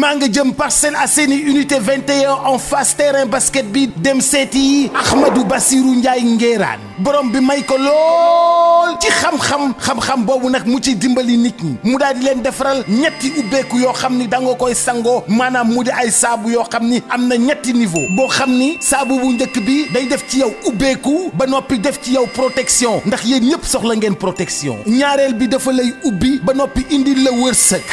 maa nga jëm Parcelles Assainies unité 21 en face terrain basket bi dem seeti yi Ahmadou Bassirou njaay Ngéraan borom bi may ko lool ci xam-xam xam-xam boobu nag mu ci dimbali nit ñi mu daal di leen defaral ñetti ubbeeku yoo xam ni da nga koy sangoo maanaam mu di ay saabu yoo xam ni am na ñetti niveau boo xam ni saabu bu njëkk bi day def ci yow ubbeeku ba noppi def ci yow protection ndax yéen ñëpp soxla ngeen protection ñaareel bi dafa lay ubbi ba noppi indi la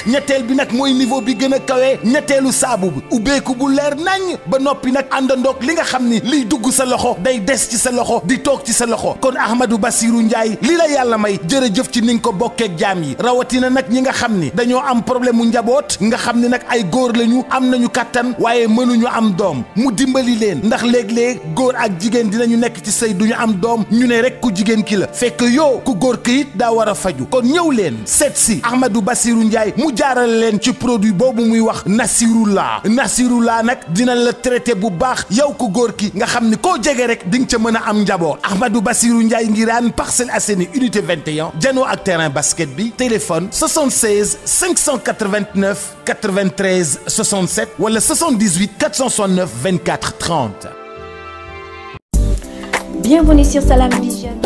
ñetteel bi nag mooy niveau a kawe waaye ñetteelu saabu bi ubbeeku bu leer nañ ba noppi nag àndandoog li nga xam ni liy dugg sa loxo day des ci sa loxo di toog ci sa loxo kon Ahmadou Bassirou Ndiaye li la yàlla may jërëjëf ci ni nga ko bokkeeg jaam yi rawatina nag ñi nga xam ni dañoo am problème mu njaboot nga xam ni nag ay góor lañu am nañu kàttan waaye mënuñu am doom mu dimbali leen ndax léeg-léeg góor ak jigéen dinañu nekk ci sëy duñu am doom ñu ne rek ku jigéen ki la fekk yow ku góor ki it daa war a faju kon ñëw leen seet si Ahmadou Bassirou Ndiaye mu jaarale leen ci produit boobu muy wax Nasirullah Nasirullah nag dinañ la traité bu baax yow ku góor ki nga xam ni koo jege rek di nga ca mën a am njaboot Ahmadou Bassirou Ndiaye Ngirane Parcelles Assainies unité 21 janoo ak terrain basket bi téléphone 76 589 93 67 wala 78 469 24 30. Bienvenue